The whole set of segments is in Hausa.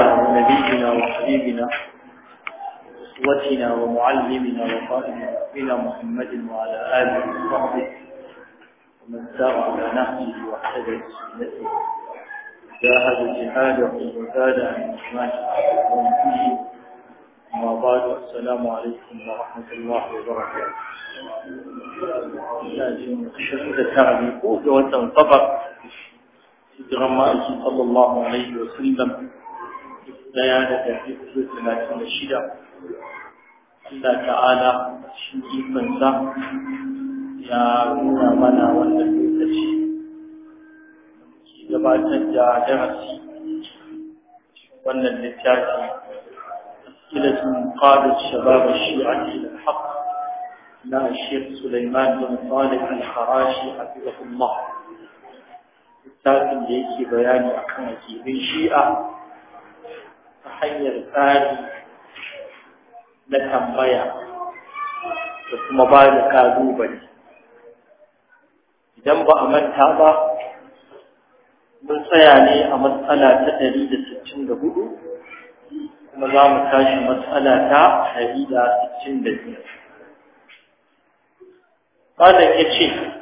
ونبينا وحبيبنا وأسوتنا ومعلمنا وقائد ربنا محمد وعلى آله وصحبه ومن سار على نهجه واهتدى بسنته جاهد جهاده وزاد عن إجماعه ومن فيه أما بعد السلام عليكم ورحمة الله وبركاته. لازم الشهود التعبي قوة وتنطبق في صلى الله عليه وسلم daya da ɗari hudu talatin da shida Allah ta'ala shi ikonsa ya nuna mana wannan lokaci da gabatar da darasi wannan littafi sun أسئلة قادة شباب الشيعة إلى الحق لا الشيخ سليمان بن صالح الحراشي حفظه الله littafin da yake bayani akan akibin shi'a ta hanyar tsari na tambaya da kuma ba da kalubale idan ba a manta ba mun tsaya ne a matsala ta ɗari da sittin da hudu, kuma za mu tashi matsala ta ɗari da da 165 ya ce,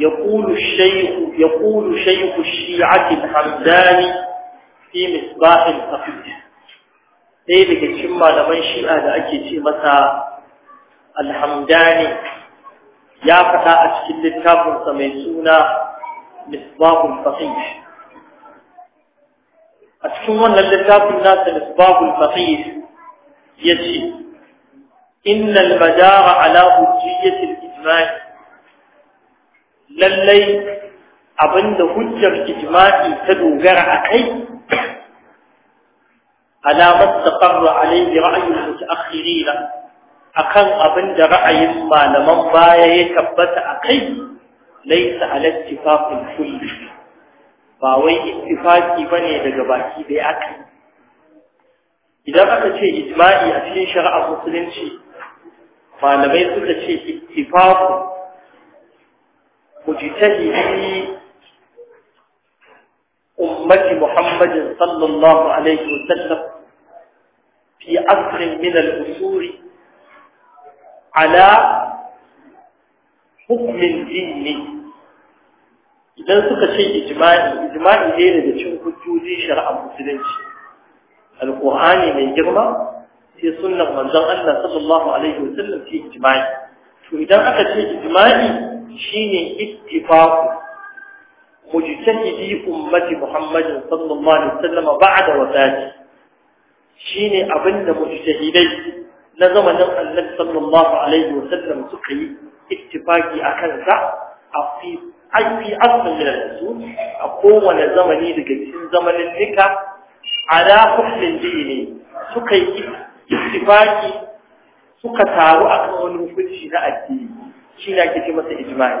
يقول الشيخ يقول شيخ الشيعة الحمداني fi misbahin afiya ɗaya daga cikin malaman shi'a da ake ce masa alhamdani ya faɗa a cikin littafinsa mai suna misbahul faqih a cikin wannan littafin nasa misbahul ya yace innal madara ala hujjiyati al lallai abinda hujjar ijma'i ta dogara akai على ما استقر عليه رأي المتأخرين أكن أبن رأي ما لمن بايا يكبت أقي ليس على اتفاق الكل باوي اتفاقي بني دقباكي بأكل idan aka ce ijma'i a cikin shari'ar musulunci malamai suka ce ittifaqu mujtahidi Ummati محمد صلى الله عليه وسلم في أصل من الأصول على حكم ديني idan suka ce ijma'i ijma'i ne daga cikin hujjoji shari'a musulunci alqur'ani mai girma sai sunnan manzon Allah sallallahu alaihi wasallam ce ijma'i to idan aka ce ijima'i shine ittifaqu mujtahidi ummati Muhammadin sallallahu alaihi wasallam ba'da wafati shine abinda mujtahidai na zamanin Annabi sallallahu alaihi wasallam suka yi ittifaki akan sa a fi ayi aslan min a kowane zamani daga cikin zamanin nika ala hukmin dini suka yi ittifaki suka taru akan wani hukunci na addini shi ne ake ce masa ijma'i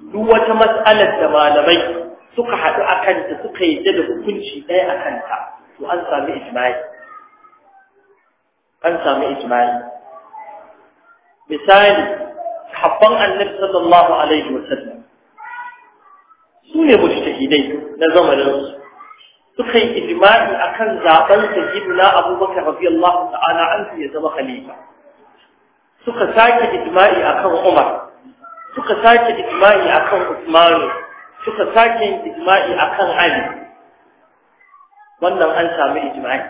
duk wata mas'alar da malamai suka haɗu a kanta suka yi da hukunci ɗaya a kanta to an sami ijma'i an sami ijma'i misali habban annabi sallallahu alaihi wa sallam su ne mujtahidai na zamanin su suka yi a kan zaɓen zaben na abubakar radiyallahu ta'ala an ya zama khalifa suka sake a kan umar suka sake ijma'i akan Usman suka sake ijma'i akan Ali wannan an samu ijma'i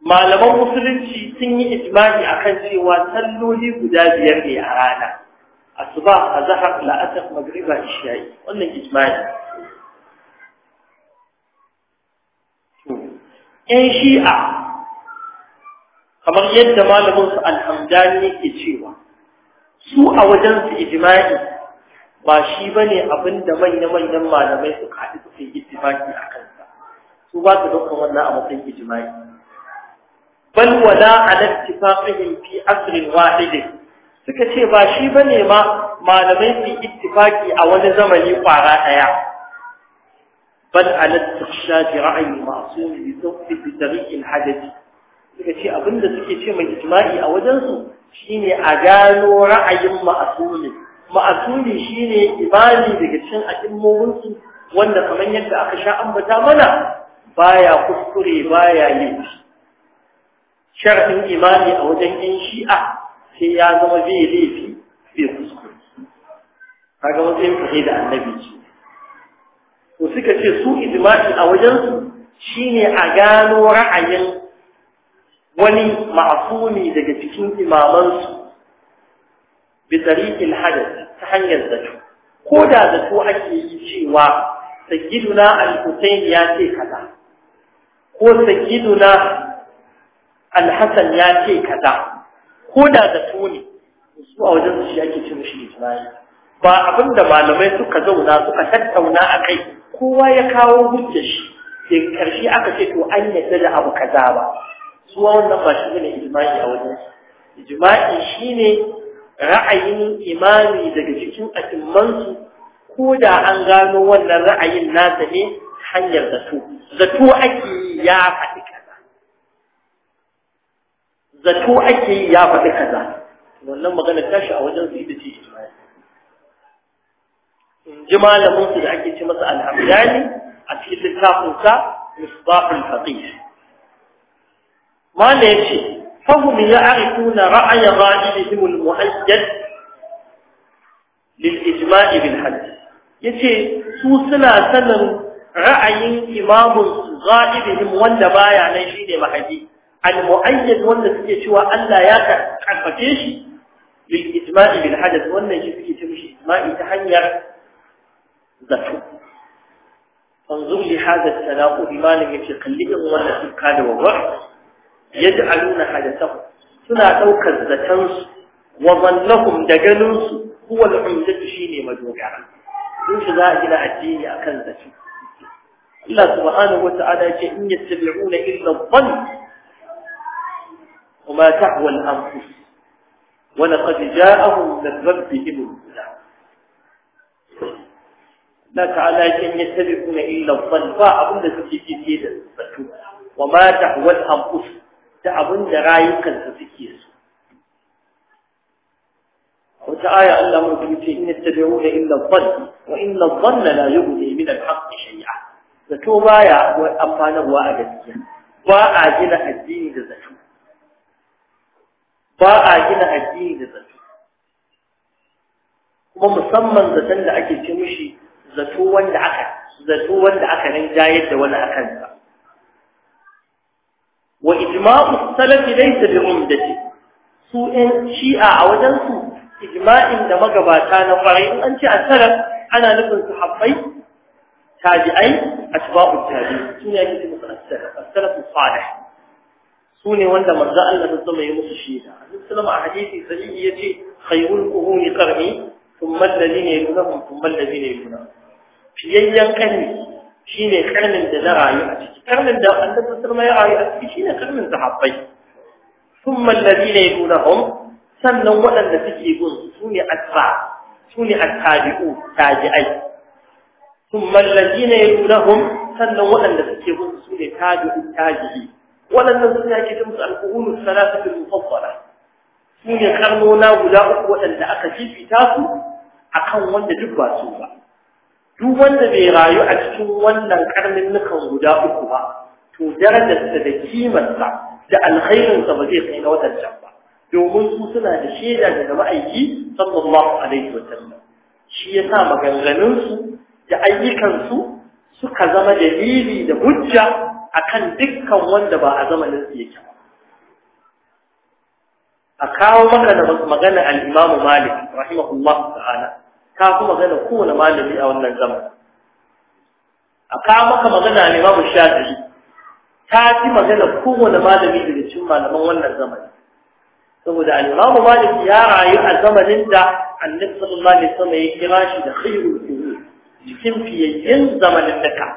malaman musulunci sun yi ijma'i akan cewa salloli guda biyar ne a rana asuba azhar la'asr magriba isha'i wannan ijma'i in shi'a kamar yadda malamin su alhamdani ke cewa su a wajen su ijma'i ba shi bane abin da manya-manyan malamai su kaɗi su yi ittifaki a kansa su ba su dukkan wannan a matsayin ijimai bal wala ala ittifaqihim fi asrin wahid suka ce ba shi bane ma malamai su ittifaqi ittifaki a wani zamani kwara daya بل على استخشاج رأي معصوم tariq al-hadith suka ce abinda suke ce mai ijimai a wajensu shine a gano ra'ayin ma'asuli ma'asuli shine imani daga cikin al'ummomin su wanda kamar yadda aka sha ambata mana baya kuskure baya yin shar'in imani a wajen yan shi'a sai ya zama bai laifi bai kuskure kaga wajen fahimta da annabi ce ko suka ce su ijma'i a wajen su shine a gano ra'ayin wani ne daga cikin imamansu bi tariqil hadath ta hanyar zato ko da zato ake yi cewa sayyiduna al-husayn ya ce kaza ko sayyiduna al-hasan ya ce kaza ko da zato ne su a wajen shi ake cin shi ijma'i ba abinda malamai suka zauna suka tattauna a kai. kowa ya kawo hujjar shi da karshe aka ce to an yadda da abu kaza ba suwa wannan ba shi ne ijma'i a wajen ijma'i shine ra'ayin imani daga cikin su ko da an gano wannan ra'ayin nasa ne hanyar zato zato ake yi ya faɗi kaza zato ake yi ya faɗi kaza wannan magana tashi a wajen su ita ce ijma'i in ji malamin su da ake ce masa alhamdani a cikin littafin sa misbahul faqih mana yace fahum ya'rifuna ra'ya ra'ihim al-muhayyad lil ijma' bil hadith yace su suna sanin ra'ayin imamun ghaibihim wanda baya nan ne mahadi al-mu'ayyad wanda suke cewa Allah ya karfafe shi bil ijma' bil hadith wannan shi suke cewa ijma'i ta hanyar zato فانظر لهذا التناقض ما لم يتقلده ولا تبكى وغر يجعلون حدثه سنا توك الزتن وظن لهم هو العمدة شيني مجوغ عنه لماذا لا إلى الدين أكل ذاتي إلا سبحانه وتعالى إن يتبعون إلا الظن وما تعوى الأنفس ولقد جاءهم من ربهم الله لا تعالى إن يتبعون إلا الظن فأقول لك وما تعوى الأنفس da abin da rayukansu suke so wata aya Allah mun ce in yattabi'una illa dhann wa inna dhanna la yughni min al-haqq shay'a zato baya amfanarwa a gaskiya ba a gina addini da zato ba a gina addini da zato kuma musamman zaton da ake ce mishi zato wanda aka zato wanda aka nan jayar da wani akan sa wa ijma'u salafi laysa bi umdati su ɗan shi'a a wajen su ijma'in da magabata na kwarai in an ce as-salaf ana nufin sahabbai tabi'ai atba'u tabi'i su ne ake cewa as-salaf as-salaf salih su ne wanda manzo Allah ta zama ya musu shida sallama a hadisi sahihi yace khayrul quruni qarni shine karnin da na rayu a ciki karnin da annabi sallallahu alaihi wasallam ya rayu a ciki shine karnin sahabbai thumma alladhina yadunhum sannan waɗanda suke bin su ne atba su ne attabi'u tabi'ai thumma alladhina yadunhum sannan waɗanda suke bin su ne tabi'u tabi'i waɗannan su ne ake ce musu al-qurunus salasatu al-mufaddala su ne karnona guda uku waɗanda aka fifita su akan wanda duk ba su ba duk wanda bai rayu a cikin wannan karnin nukan guda uku ba to darajarsa da kimarsa da alkhairinsa ba zai kai na can ba domin su suna da shaida daga ma'aiki sallallahu alaihi wa sallam shi ya sa maganganunsu da ayyukansu suka zama dalili da hujja akan dukkan wanda ba a zamanin su yake ba a kawo maka da magana al imamu Malik rahimahullah ta'ala ka fi magana kowane malami a wannan zaman a ka maka magana ne babu shafi ta fi magana kowane malami daga cikin malaman wannan zaman. saboda alimamu imamu ya rayu a zamanin da annabi sallallahu alaihi wasallam ya kira shi da khairu qurun cikin fiyayyen zamanin daka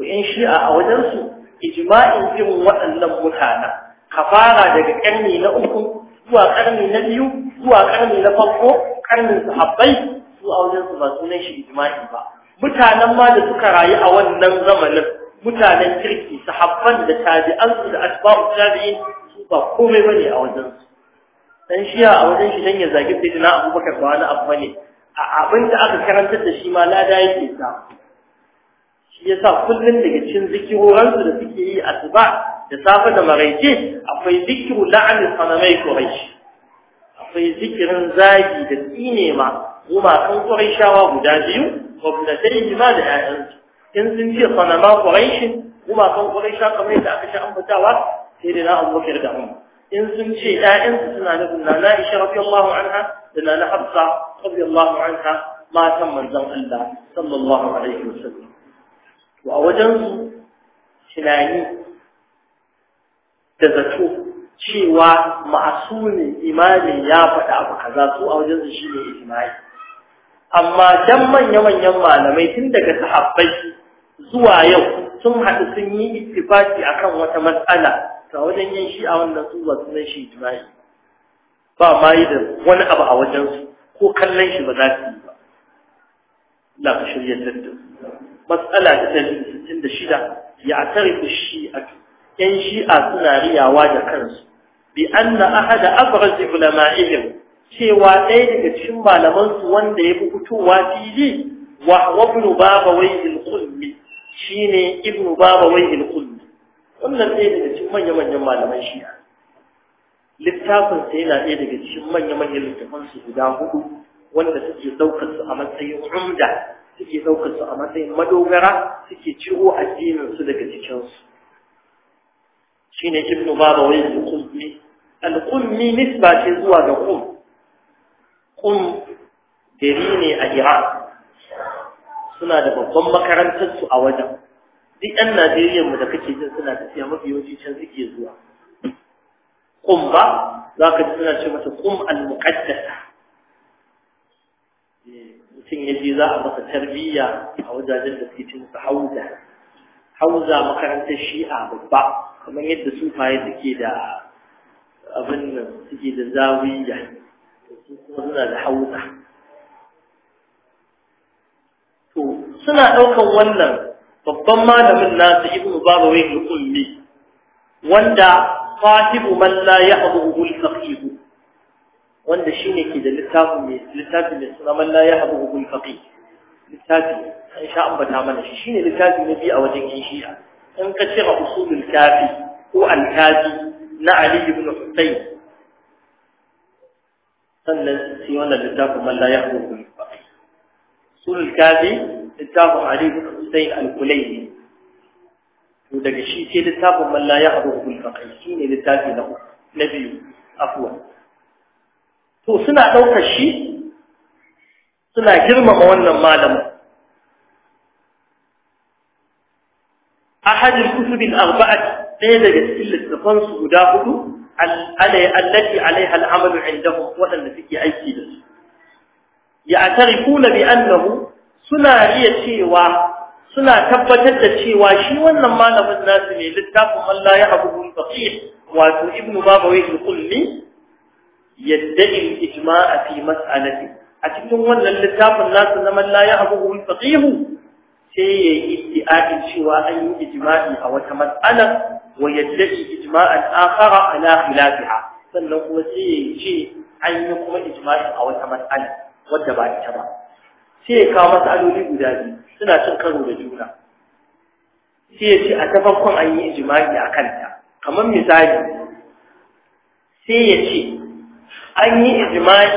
ku in shi'a a wajen su ijma'in irin waɗannan mutanen fara daga ƙarni na uku zuwa ƙarni na biyu zuwa ƙarni na farko karnin sahabbai su a wajen su ba sunan shi ijma'i ba mutanen ma da suka rayu a wannan zamanin mutanen kirki sahabban da tabi'an su da asba'u tabi'in su ba komai bane a wajen su dan shi a wajen shi dan ya zagi sayyidina Abubakar ba wani abu bane a abin da aka karanta da shi ma lada yake samu shi yasa kullun daga cikin zikiroransu da suke yi asuba da safe da maraice akwai zikiru la'an sanamai quraish akwai zikirin zagi da tsine ma gumakan shawa guda biyu gwamnatai ma da ‘ya'yansu in sun ce sanama ƙurayshin gumakan ƙuraysha kamar yadda aka sha ambatawa sai da na abubakar da mu in sun ce ‘ya'yansu suna na na na isha rafi allahu anha da na na hafsa rafi allahu anha matan manzon allah sallallahu alaihi wasallam to a wajensu tunani da zato cewa masu ne imanin ya faɗa abu kaza su a wajen su ne ijma'i amma dan manya-manyan malamai tun daga sahabbai zuwa yau sun haɗu sun yi ittifaki akan wata matsala ta wajen yin shi a wannan su ba sunan shi ijma'i ba ma yi da wani abu a wajen su ko kallon shi ba za su yi ba la ka shirya tattu matsala ta tafi 66 ya tarifu shi'a yan shi'a suna riyawa da kansu bi anna ahada abraz ulama'ihim cewa ɗaya daga cikin malaman su wanda ya fi fitowa fili wa ibn babawayh al-qulmi shine ibn babawayh al qulbi wannan ɗaya daga cikin manyan manyan malaman shi littafin sa yana ɗaya daga cikin manyan manyan littafan su guda hudu wanda suke daukar su a matsayin umda suke daukar su a matsayin madogara suke ciro addinin su daga cikin su shine ibn babawayh al qulbi al'ummi nisba ce zuwa ga ƙum. kum gari ne a iran suna da babban makarantarsu a wajen duk 'yan najeriya mu da kake jin suna tafiya mafi yawanci can suke zuwa kum ba za ka ji suna ce mata kum al-muqaddasa mutum ya je za a masa tarbiyya a wajajen da suke cin hauza hauza makarantar shi'a babba kamar yadda sufaye suke da abin nan suke da zawiya su kuma suna da hauka to suna ɗaukan wannan babban malamin nasu ibnu wai al-ummi wanda fatibu man la yahduhu al-faqih wanda shine ke da littafi mai littafin mai suna man la yahduhu al-faqih littafi an sha bata mana shi shine littafi na biyu a wajen kishiya in ka cira usulul kafi ko al-kafi na Ali ibn Husayn sannan sai wannan littafin man la yahdukum sulul kazi littafin Ali ibn Husayn al-Kulayni to daga shi sai littafin man la yahdukum faqih shine littafi na na biyu afwan to suna daukar shi suna girmama wannan malamin ahad al-kutub al ɗaya daga cikin littafansu guda hudu allati alaiha al'amalu indahum waɗanda suke aiki da su ya atarifuna bi annahu suna iya cewa suna tabbatar da cewa shi wannan malamin nasu ne littafin Allah ya abubuwan faqih wato ibn babawai al-qulli ijma'a fi mas'alati a cikin wannan littafin nasu na man la ya abubuwan faqih sai ya yi iddi'a'in cewa an yi ijma'i a wata mas'ala ويدعي إجماعا آخر على خلافها sannan kuma sai ya ce an yi kuma ijma'i a wata mas'ala wadda ba ita ba sai ya kawo mas'aloli guda biyu suna cin karo da juna sai ya ce a ta farkon an yi ijma'i a kanta kamar misali sai ya ce an yi ijma'i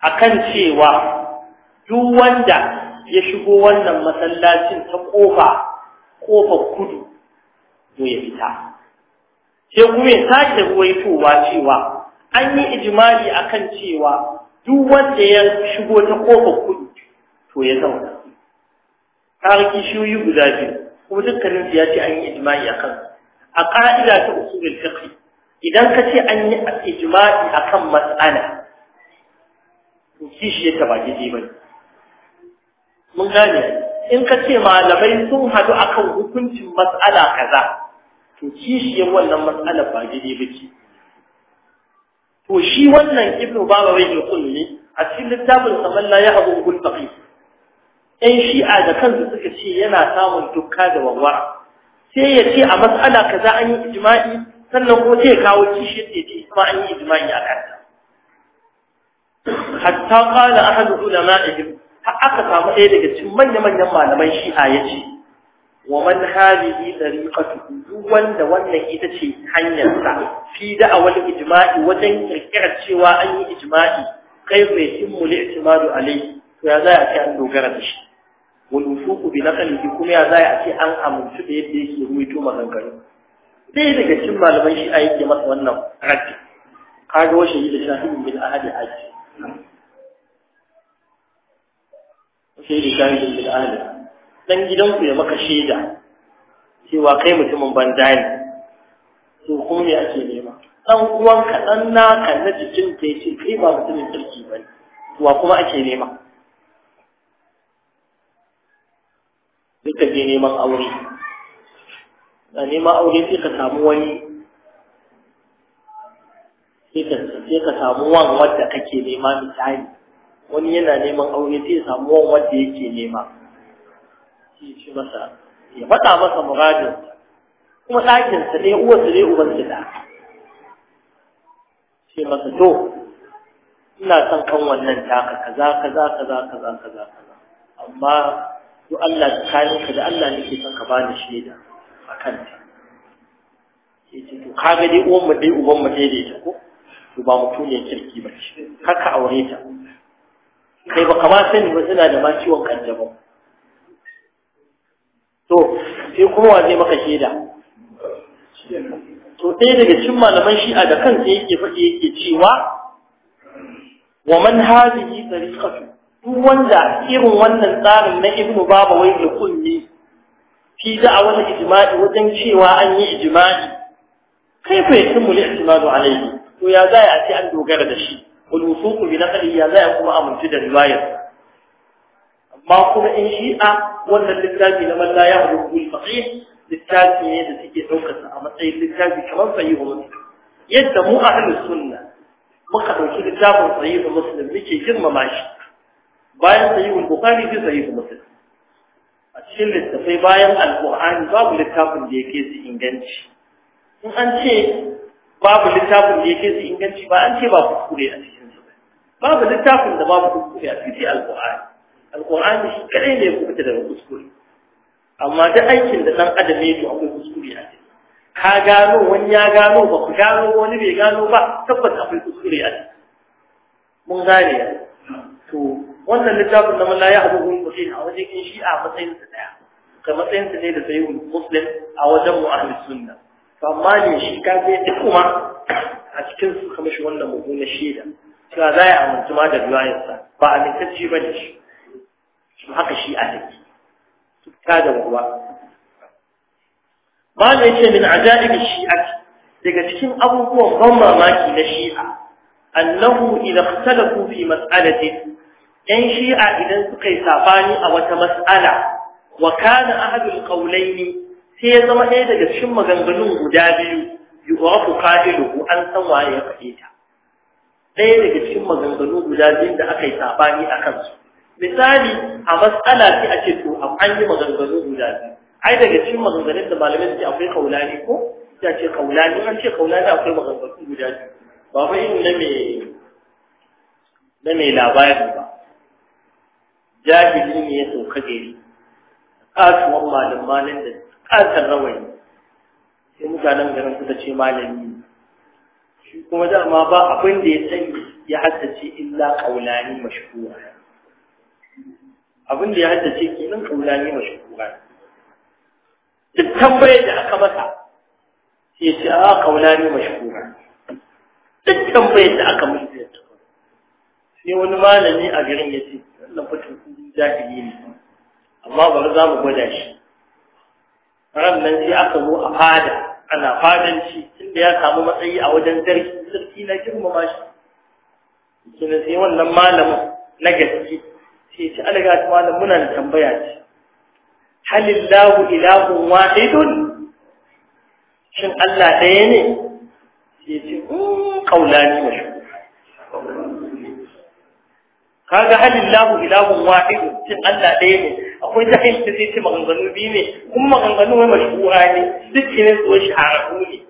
a kan cewa duk wanda ya shigo wannan masallacin ta kofa kofar kudu ko ya fita sai kuma ya sake ruwaitowa cewa an yi ijimali kan cewa duk wanda ya shigo ta kofar kudu to ya zauna tariki shiyoyi guda biyu kuma dukkanin ya ce an yi ijimali akan a ka'ida ta usulul fiqh idan ka ce an yi ijimali akan matsala to kishi ya ba gidi ba. mun gane in ka ce malamai sun hadu akan hukuncin matsala kaza to kishiyar wannan matsalar ba gidi ba ce to shi wannan ibnu baba wai ne a cikin littafin samalla ya abu gul Yan shi'a da kansu suka ce yana samun dukka da warwara sai ya ce a mas'ala kaza an yi ijma'i sannan ko sai kawo kishiyar da ce kuma an yi ijma'i a kanta hatta qala ahadu ulama'ihim har aka samu ɗaya daga cikin manya-manyan malaman shi'a ya ce Wa ومن هذه طريقته wanda wannan ita ce hanyar hanyarsa fi da'awar ijma'i wajen kirkirar cewa an yi ijma'i kai bai timmu li'timadu alai to ya za a ce an dogara da shi wal wusuqu bi naqlihi kuma ya za a ce an amince da yadda yake ruwaito maganganu Sai daga cikin malaman shi a yake masa wannan raddi kaga wa shahida shahidin bil ahadi aji da shahidin bil ahadi dan ku ya maka shaida cewa kai mutumin banza ne to kuma me ake nema dan uwan ka dan naka na jikin ka yace kai ba mutumin kirki bane to kuma ake nema duka je neman aure da neman aure sai ka samu wani sai ka samu wan wadda kake nema misali wani yana neman aure sai ya samu wan wadda yake nema ya masa ya faɗa masa muradin kuma ɗakinsa ne uwarsa ne uban da ce masa to ina son kan wannan taka kaza kaza kaza kaza kaza amma to Allah ka da Allah ke son ka bani shaida a kanta sai ce to ka ga dai uwan mu dai uban mu dai ko to ba mutum ne kirki ba ce haka aure ta kai ba kama sani ba suna da ma ciwon kanjamau to sai kuma wa zai maka shaida to ɗaya daga cikin malaman shi'a da kansa yake faɗi yake cewa wa man hadhihi tariqatu duk wanda irin wannan tsarin na ibnu baba wai da kulli fi da'awar ijma'i wajen cewa an yi ijma'i kai fa yake mu ijmau alayhi to ya za a ce an dogara da shi wal wusuq bi naqli ya zai kuma amince da riwayar ma kuma in shi'a wannan littafi na man la ya rubu faqih littafi ne da suke daukar sa a matsayin littafi kamar sahihu muslim yadda mu ahlus sunna muka dauki littafin sahihu muslim muke girmama shi bayan sahihu bukhari sai sahihu muslim a cikin littafai bayan alqur'ani babu littafin da yake su inganci in an ce babu littafin da yake su inganci ba an ce babu kuskure a cikin sa babu littafin da babu kuskure a cikin alqur'ani alqur'ani shi kadai ne ku fita daga kuskure amma duk aikin da dan adam ne to akwai kuskure a ciki ka gano wani ya gano ba ku gano wani bai gano ba tabbas akwai kuskure a ciki mun gane to wannan littafin da mallaya abubuwan kuɗi a wajen in shi a matsayin sa daya ka matsayin sa ne da yi muslim a wajen mu ahlus sunna to amma ne shi ka sai duk kuma a cikin su kamar shi wannan mummunan shaida cewa za a amince ma da riwayarsa ba a amintacce ba ne shi su haka shi a take ta da ruwa ba na yace min ajaib shi'a daga cikin abubuwan ban mamaki na shi'a annahu da ikhtalafu fi mas'alatin yan shi'a idan suka yi safani a wata mas'ala wa kana ahadul qawlaini sai ya zama ɗaya daga cikin maganganun guda biyu yu'rafu qadiluhu an san waye ya faɗe ta ɗaya daga cikin maganganu guda biyu da aka yi sabani a kansu misali a matsala sai a ce to an yi maganganu guda biyu ai daga cikin maganganun da malamai suke akwai kaulani ko ya ce kaulani an ce kaulani akwai maganganu guda biyu ba fa yin na mai na mai labari ba jahili ne ya sauka gari kasuwan malamanin da kasar rawani sai mutanen garin suka ce malami shi kuma dama ba abin da ya sani ya haddace illa kaulani mashhura abin da ya haddace kenan kaulani shugaba duk tambayar da aka masa sai ya ce a ah, kaulani shugaba duk tambayar da aka masa ya ce sai wani malami a garin ya ce wannan fitin kudi jahili ne amma ba za mu gwada shi ran nan sai aka zo a fada ana fadanci tunda ya samu matsayi a wajen sarki sarki na girmama shi kina sai wannan malamin na gaske sai ci alaga ta malam muna da tambaya ce halillahu ilahu wahidun shin Allah ɗaya ne sai ce kaulani hmm, mashi kaga halillahu ilahu wahidun shin Allah ɗaya ne akwai jahil da sai ce maganganu biyu ne kuma maganganu mai mashhura ne dukkan ne tsohon shahararru ne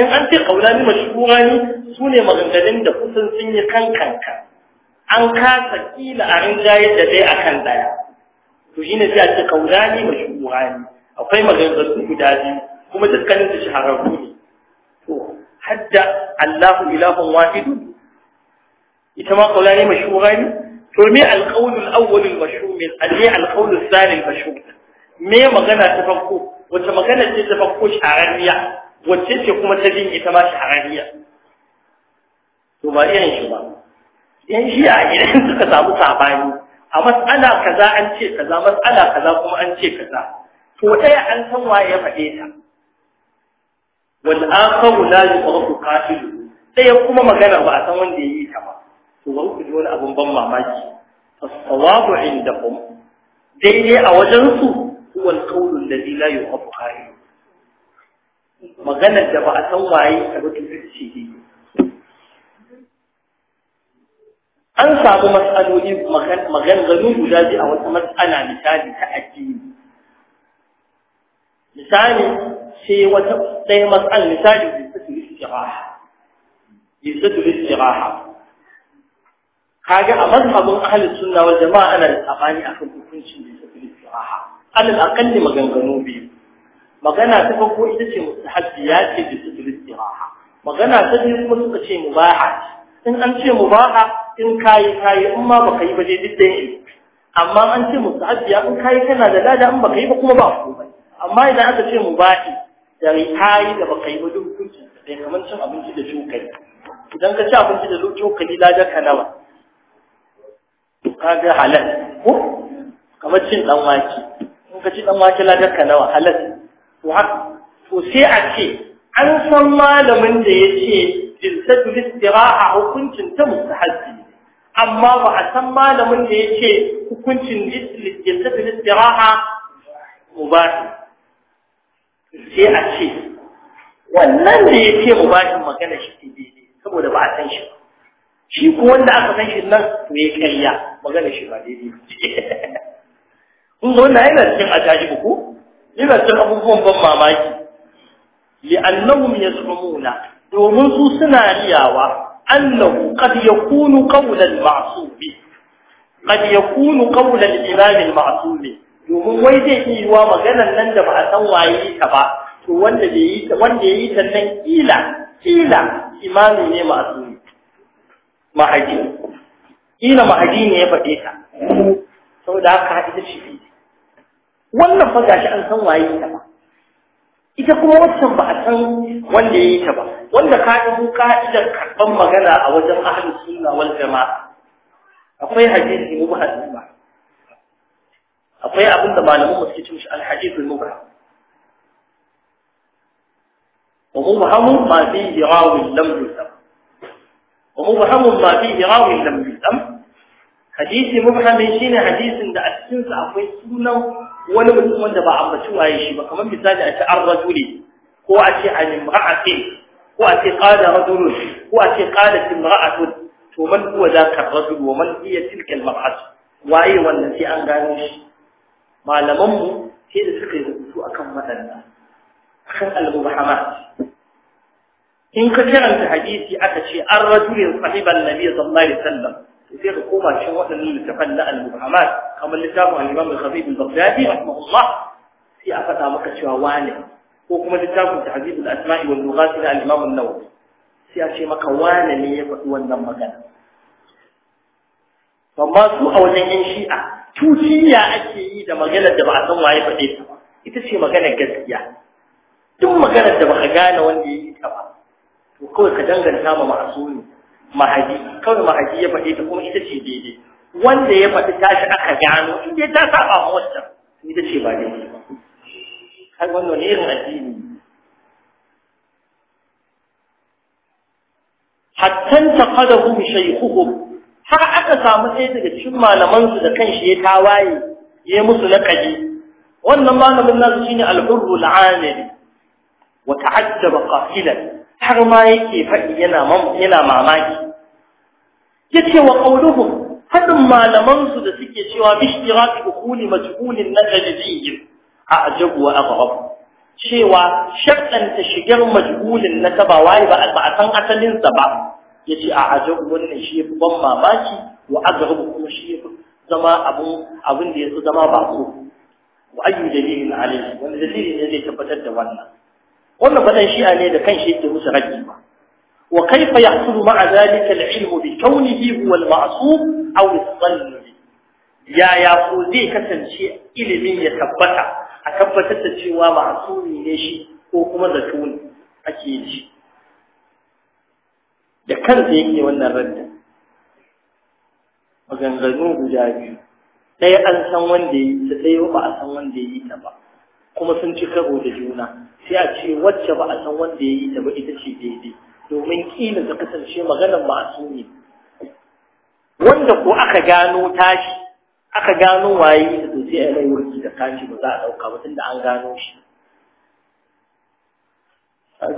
in an ce kaulani mashhura ne su ne maganganun da kusan sun yi kankanka an kasa kila a rinjaye da ɗaya akan ɗaya to shine sai a ce kaulani mashhuhani akwai maganganu guda biyu kuma dukkanin su shahararru ne to hadda Allahu ilahun wahidun ita ma kaulani mashhuhani to me alqawlul awwal almashhur min alli alqawlul thani almashhur me magana ta farko wace magana ce ta farko shahararriya Wace ce kuma ta bin ita ma shahararriya to ba irin shi ba yan shiya idan suka samu sabani a mas'ala kaza an ce kaza mas'ala kaza kuma an ce kaza to ɗaya an san waye ya faɗe ta wal akharu la yuqrafu qatilu ɗaya kuma magana ba a san wanda yayi ta ba to ba ku ji wani abun ban mamaki as-sawabu indakum daidai a wajen su huwa al-qawlu alladhi la yuqrafu qatilu maganar da ba a san waye ta ba ce an samu matsaloli maganganu guda biyu a wata matsala misali ta addini misali sai wata ɗaya matsala misali jisatul istiraha jisatul istiraha kaga a mazhabin ahli sunna wal jama'a ana da tsabani akan hukuncin jisatul istiraha alal aqalli maganganu biyu magana ta farko ita ce mustahabbi ya ce jisatul istiraha magana ta biyu kuma suka ce mubaha in an ce mu mubaha in kayi kayi in ma baka yi ba je duk dai amma an ce mu, mustahabbiya in kayi kana da lada in baka yi ba kuma ba komai amma idan aka ce mu mubahi da kayi da baka yi ba duk hukuncin sai kamar cin abinci da cokali idan ka ci abinci da cokali lada ka nawa ka ga halal ko kamar cin dan wake in ka ci dan wake lada ka nawa halal to haka to sai a ce an san malamin da ya ce jilsatul istiraha hukuncin ta mustahabbi amma ba a san malamin da yake hukuncin jilsatul istiraha mubahi sai a ce wannan da yake mubahi magana shi ce daidai saboda ba a san shi shi ko wanda aka san shi nan to ya karya magana shi ba daidai kun zo na yana cikin ajaji ko yana cikin abubuwan ban mamaki li'annahum yasrumuna domin su suna riyawa annahu qad yakunu qawlan masumi qad yakunu qawlan imam al masumi domin wai zai iya yiwa maganar nan da ba a san waye ta ba to wanda bai yi ta wanda yayi ta nan kila kila imami ne ma'sumi mahaji kila mahaji ne ya faɗe ta saboda haka ita ce wannan fa gashi an san waye ta ba ita kuma waccan ba a san wanda ya yi ta ba wanda ka ɗago ka'idar karɓar magana a wajen ahalin suna wal jama'a akwai hadisi hadisi ba akwai abin da malamin mu suke cewa al-hadith al-mubham wa mubham ma fi rawi lam yusam wa hamu ma fi rawi lam yusam hadisi mubham shine hadisin da a cikin sa akwai sunan wani mutum wanda ba ambaci waye shi ba kamar misali a ce an rajuli ko a ce an imra'atin ko a ce qala rajulun ko a ce qalat imra'atun to man huwa zaka rajul wa man hiya tilka al waye wannan sai an gano shi malaman mu sai da suka yi rubutu akan wadannan akan al-muhammad in ka karanta hadisi aka ce an rajulin sahiban nabi sallallahu alaihi wasallam sai ka koma cikin waɗannan littafan na al-muhammad kamar littafin al-imam al-khatib al-baghdadi rahimahullah sai a faɗa maka cewa wani ko kuma littafin tahzib al-asma'i wal lughat na al-imam an-nawawi sai a ce maka wani ne ya faɗi wannan magana amma su a wajen yan shi'a tuciya ake yi da maganar da ba a san waye faɗe ta ba ita ce maganar gaskiya duk maganar da baka gane wanda ya yi ta ba to kawai ka danganta ma ma'asumi mahadi kawai mahadi ya faɗi ta kuma ita ce daidai wanda ya faɗi tashi aka gano in dai ta saba ma wacce ita ce ba daidai ba har wannan ne irin addini hatta taqadahu shaykhuhum har aka samu ɗaya daga cikin malaman su da kanshi ya tawaye ya musu laqabi wannan malamin nasu shine al-hurr al-anil wa ta'addaba qafilan har ma yake faɗi yana mamaki ya ce wa ƙauluhu haɗin malamansu da suke cewa bishirati ukuli majhulin na tajidiyyin a ajabu wa aghrab cewa shaɗanta shigar majhulin na taba waye ba a san asalin sa ba ce a ajabu wannan shi ya fi ban mamaki wa aghrab kuma shi ya fi zama abin da fi zama ba ko wa ayyu dalilin alayhi Wani dalilin ne zai tabbatar da wannan wannan fadan shi'a ne da kan shi yake musu haƙi ba wa kaifa yahsulu ma'a zalika al-ilmu bi kawnihi huwa al-ma'sum aw al-dhall ya ya ko zai kasance ilimin ya tabbata a tabbatar da cewa ma'sumi ne shi ko kuma zato ne ake ji da kansa yake wannan radda maganganu guda biyu ɗaya an san wanda ya yi ta ɗaya ba a san wanda ya yi ta ba kuma sun ci karo da juna sai a ce wacce ba a san wanda ya yi ta ba ita ce daidai domin kila ta kasance maganar masu ne wanda ko aka gano tashi aka gano waye da to sai a yi wurki da kashi ba za a ɗauka ba tunda an gano shi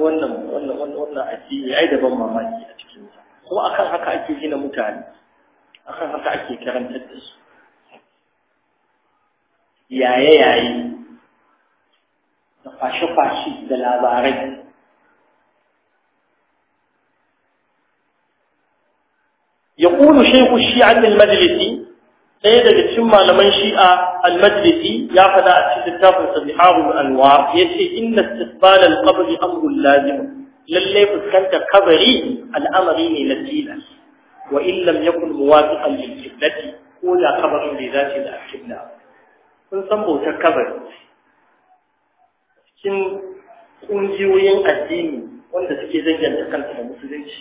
wannan wannan wannan addini ai ban mamaki a cikin sa kuma akan haka ake gina mutane akan haka ake karantar da su yaye yaye يقول شيخ الشيعة المجلسي سيدة جتشمع لمن شيعة المجلسي يأخذ أتشد التافل صدحاه الأنوار يسي إن استقبال القبر أمر لازم للي فسكنت قبري الأمرين لجيلة وإن لم يكن موافقا للجبنة ولا قبر لذات من انصموا تكبر cikin ƙungiyoyin addini wanda suke danganta kanta da musulunci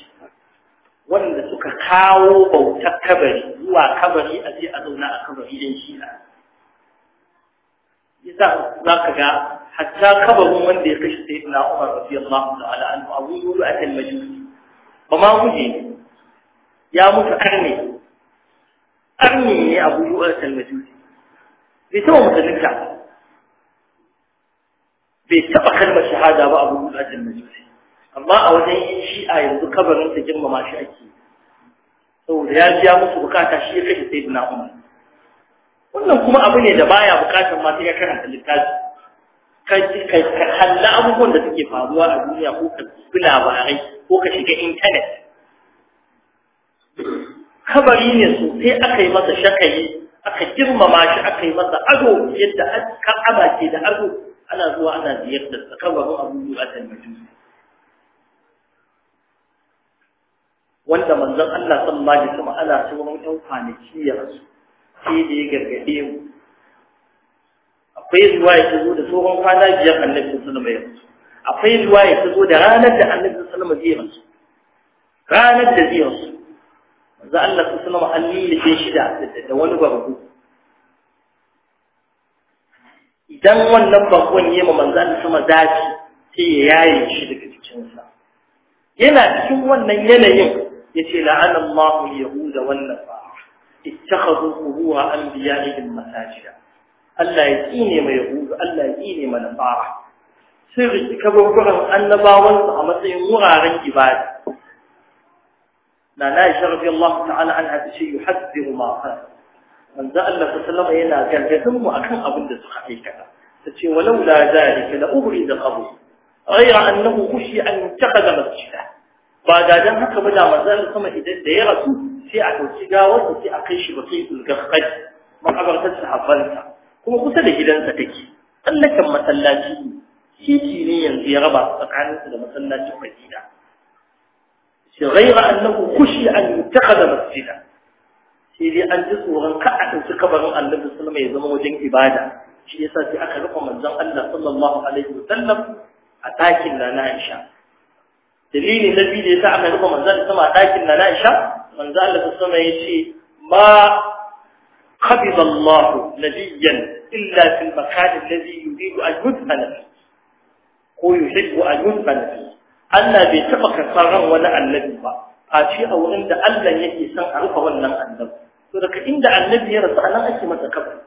wanda suka kawo bautar kabari zuwa kabari a je a zauna a kabari don shi'a yasa za ka ga hatta kabarin wanda ya kashe sai na umar rafi Allah al'adu an abu yulu a talmajusi ba ma guje ne ya mutu karni karni ne abu yulu a talmajusi bai taɓa mutu bai taɓa kalmar shahada ba abu al'ajin majusi amma a wajen yin shi'a yanzu kabarin ta girmama shi ake saboda ya biya musu bukata shi ya kashe sayyidina umar wannan kuma abu ne da baya bukatar ma sai ya karanta littafi ka halla abubuwan da suke faruwa a duniya ko ka bi labarai ko ka shiga intanet kabari ne sosai aka yi masa shakayi aka girmama shi aka yi masa ado yadda aka ke da ado ana zuwa ana ziyartar sa kan babu abu a tanmajusi wanda manzon Allah sallallahu alaihi wasallam ala tsawon ɗan kwanaki ya rasu sai da ya gargade mu akwai zuwa ya tazo da tsohon kwana biyar annabi sallallahu alaihi wasallam ya rasu akwai zuwa ya tazo da ranar da annabi sallallahu alaihi wasallam zai rasu ranar da zai rasu manzon Allah sallallahu alaihi wasallam an lillife shida da wani barbu idan wannan bakon ya ma manzan sama zafi sai ya yaye shi daga cikinsa yana cikin wannan yanayin ya ce la'an Allah yahuda wannan fa ittakhadhu qubuha anbiya'ihim masajida Allah ya tsine mai yahuda Allah ya tsine mai nasara sai riki kaburburan annabawan su a matsayin wuraren ibada na na shi rabbi Allah ta'ala an hada shi yuhaddiru ma fa'ala manzo Allah sallallahu alaihi yana gargadin mu akan abin da suka aikata tace walau la zalika la uhri da qabr ghayra annahu khushi an taqada masjida ba da dan haka ba da manzo sama idan da ya rasu sai a dauki gawar sai a kai shi bakiul gakhad makabartar sahabbansa kuma kusa da gidansa take tsallakan masallaci titi ne yanzu ya raba tsakaninsu da masallacin Madina shi ghaira annahu khushi an yutakhadha masjida sai dai an ji tsoron ka a ɗauki kabarin annabi sallama ya zama wajen ibada shi yasa sai aka rufe manzon Allah sallallahu alaihi wa sallam. a ɗakin na na Aisha dalili na biyu da yasa aka rufe manzon sama a ɗakin na na Aisha manzon Allah sallama ya ce ma قبض الله نبيا إلا في المكان الذي يريد أن يدفن فيه ko yuhibbu an yunfana fi Allah bai taɓa karɓar ran wani annabi ba a ce a wurin da Allah yake son a rufe wannan annabi to daga inda annabi ya rasu anan ake masa kabar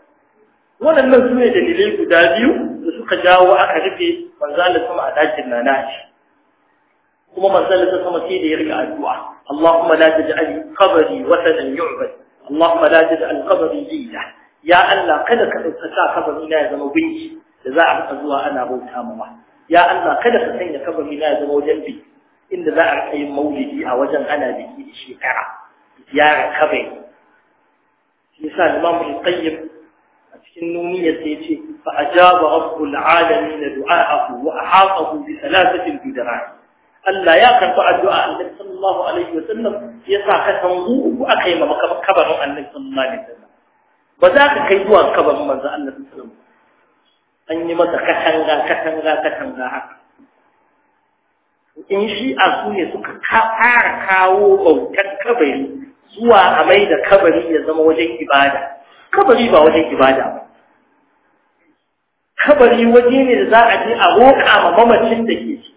waɗannan su ne dalilai guda biyu da suka jawo aka rufe manzalin sama a dakin na nashi kuma manzalin ta sama sai da ya riga addu'a Allahumma la taj'al qabri wasanan yu'bad Allahumma la taj'al qabri zina ya Allah kada ka dauka sa kabari na ya zama gunki da za a rika zuwa ana bauta mama ya Allah kada ka sanya kabari na ya zama wajen biki inda za a rika yin maulidi a wajen ana biki da shekara ziyarar kabari مثال امام القيم النونيه تيجي فاجاب رب العالمين دعاءه واحاطه بثلاثه جدران الا يا كرب الدعاء النبي صلى الله عليه وسلم يساخ تنبوه اخي ما كبر النبي صلى الله عليه وسلم بذاك كاي دعاء كبر من ذا النبي صلى الله عليه وسلم اني ما كتنغا كتنغا كتنغا حق ان شيء اكو يسك كا كاو zuwa a mai da kabari ya zama wajen ibada kabari ba wajen ibada ba kabari waje ne da za a je a roƙa ma mamacin da ke ciki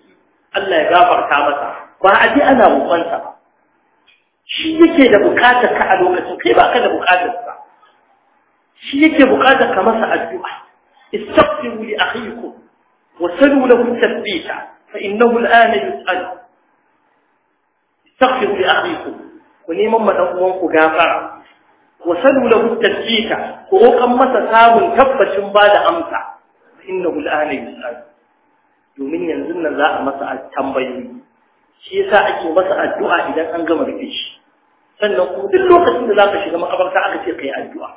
Allah ya gafarta masa ba a je ana roƙonsa ba shi yake da bukatar ka a lokacin kai ba ka da bukatar sa shi yake bukatar ka masa addu'a istaghfiru li akhikum wa salu lahu tathbita fa innahu al'ana yus'al istaghfiru li akhikum ku neman ma dan uwan ku gafara wa sadu lahu tasbika ku roƙan masa samun tabbacin ba da amsa innahu al'ana yusal domin yanzu nan za a masa tambayoyi shi yasa ake masa addu'a idan an gama rufe shi sannan kuma duk lokacin da za ka shiga makabarta aka ce kai addu'a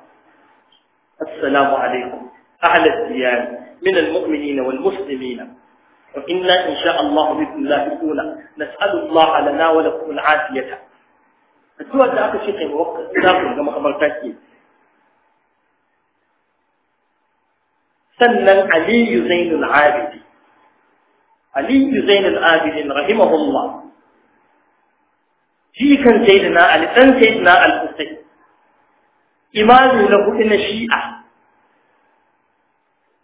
assalamu alaikum أهل الديان من المؤمنين والمسلمين وإنا إن شاء الله بإذن الله الأولى نسأل الله لنا ولكم العافية addu'ar da aka ce kai wa za ku ga makabarta ke sannan aliyu zainul abidi aliyu zainul abidin rahimahullah shi kan sayyidina ali dan na al-husayn imamu na hudu na shi'a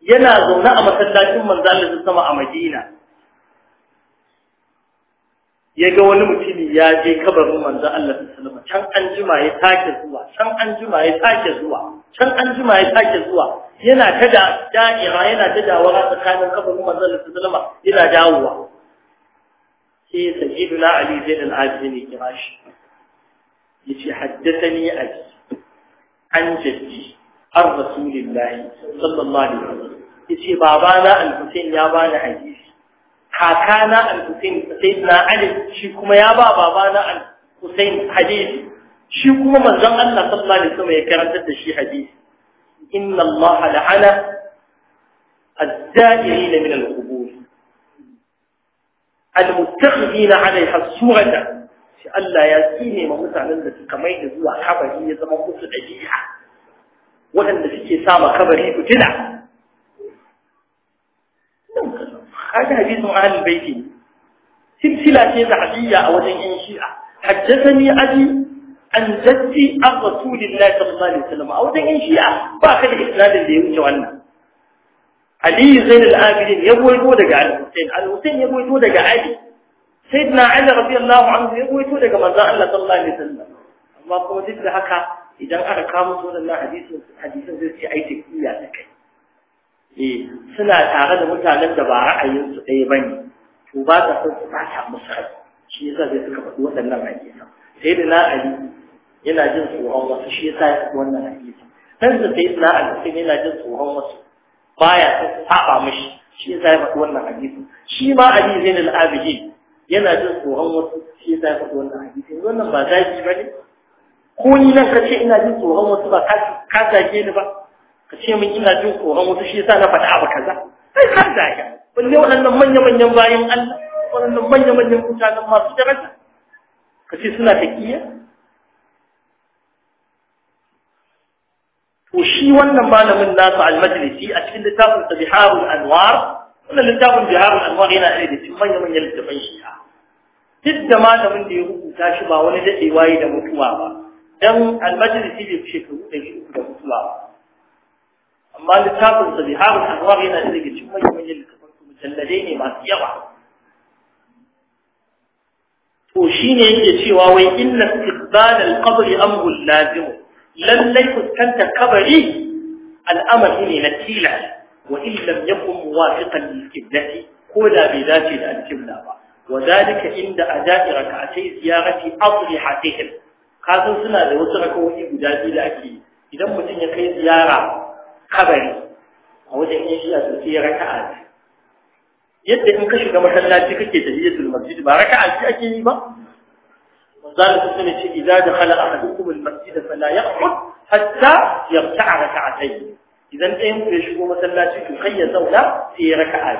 yana zaune a masallacin manzo Allah sama a Madina ya ga wani mutumi ya je kabarin manzo Allah sallallahu alaihi can ya take zuwa can an ya take zuwa can ya take zuwa yana ta da da'ira yana ta tsakanin kabarin manzo Allah sallallahu alaihi yana dawowa sai na ali zain al-abidin ya kira shi yace haddathani an jaddi ar rasulillahi sallallahu alaihi wasallam yace babana al-husayn ya bani hadisi kakana al-Husayn sayyidina Ali shi kuma ya ba babana al-Husayn hadisi shi kuma manzon Allah sallallahu alaihi wasallam ya karantar da shi hadisi inna Allah la'ana az-za'irin min al-qubur al-muttakhidin 'alayha as-surata shi Allah ya tsine ma mutanen da suka mai da zuwa kabari ya zama musu dabi'a waɗanda suke sama kabari fitina kaga hadisin ahlul baiti silsila ce zahabiyya a wajen yan shi'a haddathani abi an jaddi an rasulillahi sallallahu alaihi wasallam a wajen yan shi'a ba ka da isnadin da ya wuce wannan Ali Zain al-Abidin ya goyo daga Al-Husayn Al-Husayn ya goyo daga Ali Sayyidina Ali radiyallahu anhu ya goyo daga manzon Allah sallallahu alaihi wasallam amma kuma duk da haka idan aka kawo su wannan hadisin hadisin zai ce ai tafiya ta kai eh suna tare da mutanen da ba ra'ayinsu ɗaya ba ne to ba ta son su bata musu rai shi yasa sai suka faɗi waɗannan hadisa sai da na ali yana jin tsoron wasu shi yasa ya faɗi wannan hadisa dan da sai na ali sai yana jin tsoron wasu baya son su saba mishi shi yasa ya faɗi wannan hadisi shi ma ali zain al-abidi yana jin tsoron wasu shi yasa ya faɗi wannan hadisi wannan ba zaki bane ko ni nan kace ina jin tsoron wasu ba ka ka zage ni ba ka ce min ina jin koran wasu shi yasa na faɗa abu kaza sai har da ya balle waɗannan manya-manyan bayan Allah waɗannan manya-manyan mutanen masu daraja ka ce suna taƙiyya to shi wannan malamin nasu al-majlisi a cikin littafin sa biharul anwar wannan littafin biharul anwar yana ɗaya da cikin manya-manyan littafin shi'a duk da malamin da ya rubuta shi ba wani daɗewa yi da mutuwa ba dan al-majlisi bai shekaru ɗari uku da mutuwa ba amma littafin sa biharul anwar yana daga cikin manyan littafin su mujalladai ne masu yawa to shine yake cewa wai inna istiqbal al-qabr amrun lazim lallai fuskanta kabari al'amari ne na tila wa in lam yakun muwafiqan lil qiblati ko da bai dace da al-qibla ba wa zalika inda aja'i rak'atay ziyarati adlihatihim kazan suna da wasu rakawoyi guda biyu da ake idan mutum ya kai ziyara kabari a wajen yin shi a sosai ya raka raka'a yadda in ka shiga masallaci kake ta tahiyatul masjid ba raka'a ce ake yi ba manzon sun ne ce a dakhala ahadukum al da fala yaqud hatta yarka'a raka'atayn idan ɗayan ku ya shigo masallaci to kai ya zauna sai ya raka'a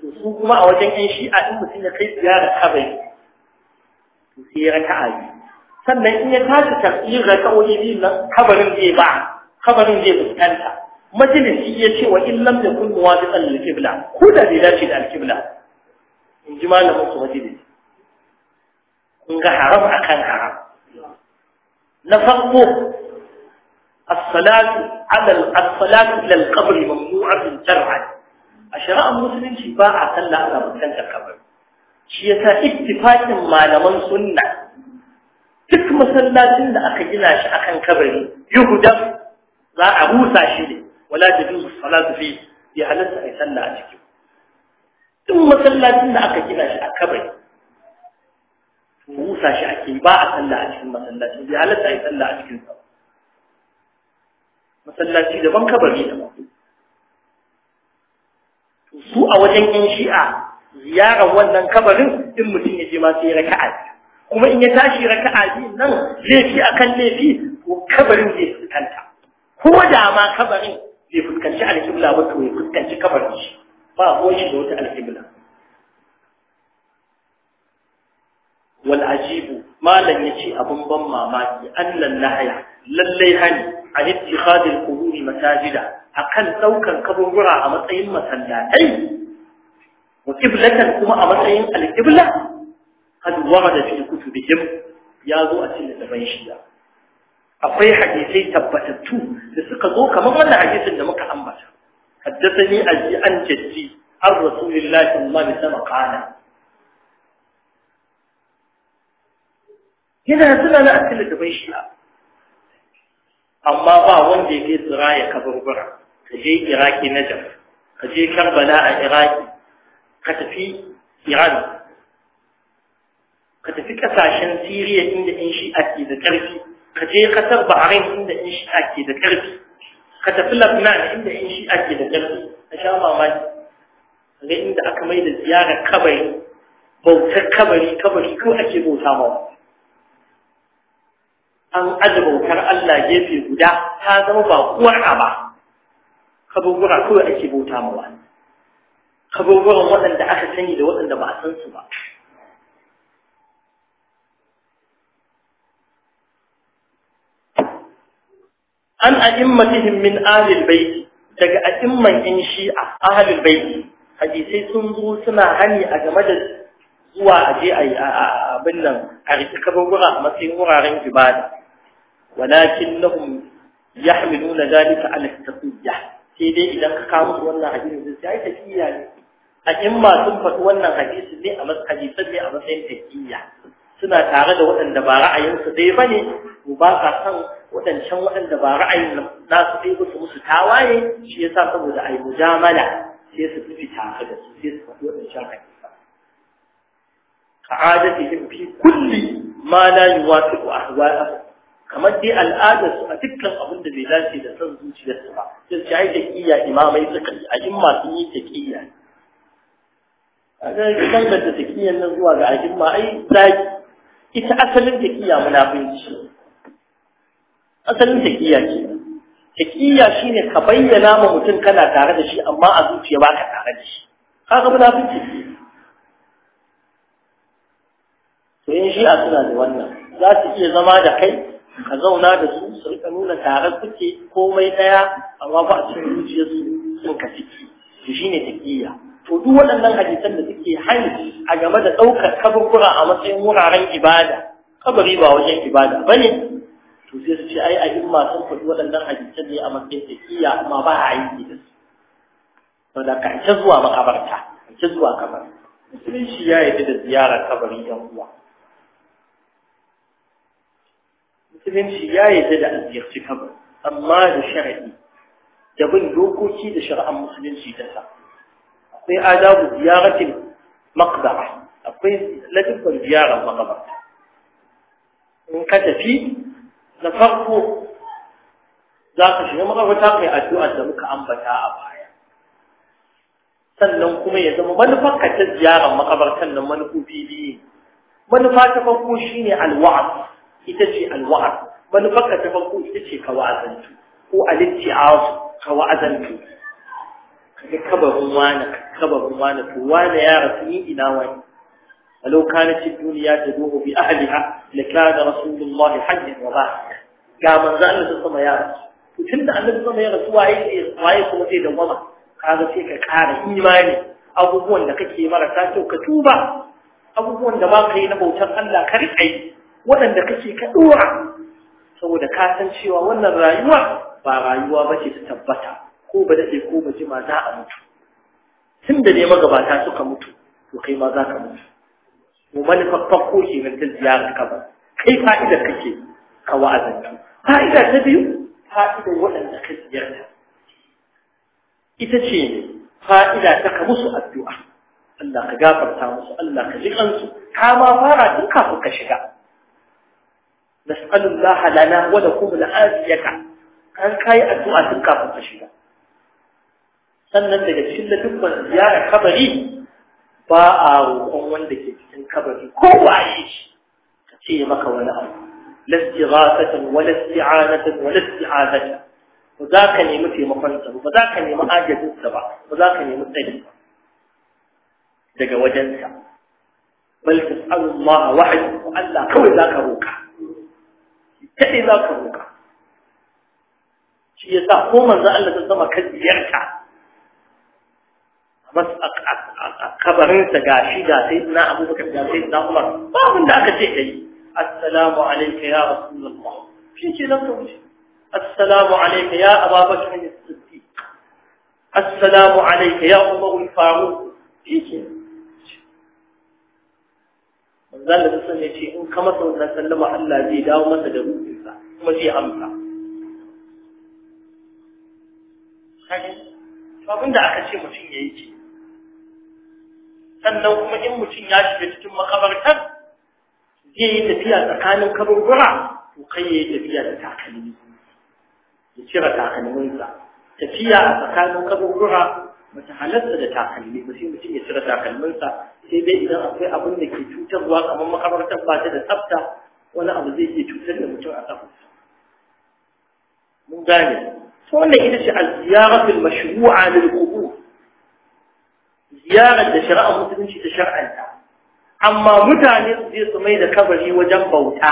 to su kuma a wajen yan a in mutum ya kai ziyara kabari to sai ya raka raka'a sannan in ya tashi tafiyar tafsirin raka'o'i biyu nan kabarin zai ba kabarin zai fuskanta majalisi ya ce wa in lam yakun muwafiqan lil qibla ko da bai dace da al qibla in ji malamin su majalisi kun ga haram akan haram na farko as-salatu ala as-salatu ila al-qabr mamnu'atun shar'an a shari'ar musulunci ba a sallah ana mutunta kabari shi yasa ittifaqin malaman sunna duk masallacin da aka gina shi akan kabari yuhudan za a rusa shi ne wala tajuzu salatu fi bi halatta ai sallah a cikin duk masallacin da aka gina shi a kabari to musa shi ake ba a sallah a cikin masallaci bi halatta ai sallah a cikin sa masallaci daban kabari daban su a wajen yan shi'a ziyarar wannan kabarin in mutum ya je ma sai raka'a kuma in ya tashi raka'a biyu nan zai laifi akan laifi ko kabarin zai fuskanta ko da ma kabarin bai fuskanci alƙibla ba to ya fuskanci kabarin shi ba ko shi da wata alƙibla wal ajibu malam yace abun ban mamaki annan nahaya lallai hani a ittikhadil quburi masajida akan daukan kaburbura a matsayin masallatai wa qiblatan kuma a matsayin alƙibla qad warada fi kutubihim ya zo a cikin da ban shiya akwai hadisai tabbatattu da suka zo kamar wannan hadisin da muka ambata haddathani aji an jaddi an rasulillahi sallallahu alaihi wasallam qala yana suna na asali da bai shi amma ba wanda ya kai tsira ya kaburbura ka je iraki najaf ka je karbala a iraki ka tafi iran ka tafi kasashen siriya inda in shi ake da karfi ka je ƙasar Bahrain inda in shi'a ke da ƙarfi ka tafi Lebanon inda in shi'a ke da ƙarfi ka sha mamaki ga inda aka mai da ziyarar kabari bautar kabari kabari ko ake bauta mawa an aje bautar Allah gefe guda ta zama ba uwar ba kaburbura kawai ake bauta ma mawa kaburburan waɗanda aka sani da waɗanda ba a san su ba an a'immatihim min ahlil baiti daga a'imman in shi'a ahlil baiti hadisai sun zo suna hani a game da zuwa a je a abin nan a riki kaburbura a matsayin wuraren ibada walakin lahum yahmiluna zalika ala taqiyya sai dai idan ka kawo wannan hadisi sai ai taqiyya ne a in sun faɗi wannan hadisi ne a matsayin ne a matsayin tafiya. suna tare da waɗanda ba ra'ayinsu dai ba ne ko ba ka san waɗancan waɗanda ba ra'ayin su ɗaya su musu tawaye shi yasa saboda ai mujamala sai su fi tare da su sai su fi waɗancan hakika ka'adatihim fi kulli ma la yuwafiqu ahwa'ahum kamar dai al'adar su a dukkan abin da bai dace da san zuciyarsu ba sai su ai ƙiya imamai suka yi a imma sun yi ta ƙiya. a ga kan da taqiyan nan zuwa ga a'imma ai zaki ita asalin taqiya munafinci asalin taqiya ce shi shine ka bayyana ma mutum kana tare da shi amma a zuciya ba ka tare da shi kaga munafinci to in shi a suna da wannan za su iya zama da kai ka zauna da su su rika nuna tare kuke komai ɗaya amma ba a cikin zuciyarsu sun ka ciki to shine taƙiyya to duk waɗannan hadisan da suke hani a game da ɗaukar kaburbura a matsayin wuraren ibada kabari ba wajen ibada ba ne to sai su ce ai a himma sun faɗi waɗannan hadisan ne a matsayin tafiya amma ba a aiki da su saboda ka zuwa makabarta ka zuwa kabari musulunci ya yi da ziyarar kabari ɗan uwa musulunci ya yi da a ziyarci kabari amma da shari'i da bin dokoki da shari'ar musulunci ta sa sai adabu ziyaratin maqbara akwai ladabban ziyarar maqbara in ka tafi na farko za ka shiga makabarta kai addu'ar da muka ambata a baya sannan kuma ya zama manufar ka ta ziyarar makabartan nan manufofi biyu manufa ta farko shine alwa'az ita ce alwa'az manufar ka ta farko ita ce ka wa'azantu ko al-itti'az ka wa'azantu ga kabarin wani kabarin wani to wani ya rasu ni ina wani ta كانت bi تدور بأهلها لكان رسول الله حجا ba. ga manzo Allah sun sama yara to tunda Allah sama ya rasu waye waye kuma sai da wama kaga sai ka ƙara imani abubuwan da kake marasa kyau ka tuba abubuwan da ba ka yi na bautar Allah ka riƙa yi waɗanda kake ka saboda ka san cewa wannan rayuwa ba rayuwa ba ta tabbata ko ba daɗe ko ba jima za a mutu tun da ne magabata suka mutu to kai ma za ka mutu mu manufar farko ke nan ta ziyarar kabar kai fa'idar kake ka wa'azantu fa'ida ta biyu fa'idar waɗanda ka ziyarta ita ce ne fa'ida ta ka musu addu'a Allah ka gafarta musu Allah ka ji kansu ka ma fara tun kafin ka shiga nas'alullaha lana wa lakum al'afiyata an kai addu'a tun kafin ka shiga sannan daga cikin dukkan ziyara kabari ba a roƙon wanda ke cikin kabari ko waye shi ka ce maka wani abu la istighasatan wa la isti'anatan wa la isti'azatan ba za ka nemi taimakon sa ba za ka nemi agajin sa ba ba za ka nemi tsari ba daga wajen wajensa bal tas'alu Allah wahdahu Allah kawai za ka roƙa kai za ka roƙa shi yasa ko manzo Allah ta zama ka ziyarta bas a kabarinsa ga shi ga sai na abubakar ga sai na umar ba abin da aka ce dai assalamu alaika ya rasulullah shi ce nan ka wuce assalamu alaika ya ababakar ne siddiq assalamu alaika ya umar faru shi ce manzon da sun ce in ka masa da sallama Allah zai dawo masa da ruhinsa kuma zai amsa abin da aka ce mutum ya yi ce sannan kuma in mutum ya shiga cikin makabartar zai yi tafiya tsakanin kaburbura to kai ya yi tafiya da takalmi ya cire takalminsa tafiya a tsakanin kaburbura mata halarta da takalmi ba sai mutum ya cire takalminsa sai dai idan akwai abin da ke cutarwa kamar makabartar ba ta da tsafta wani abu zai iya cutar da mutum a tsafarsa mun gane to wannan ita ce al-ziyaratul mashru'a lil ziyarar da shari'ar musulunci ta shar'anta amma mutane su je su mai da kabari wajen bauta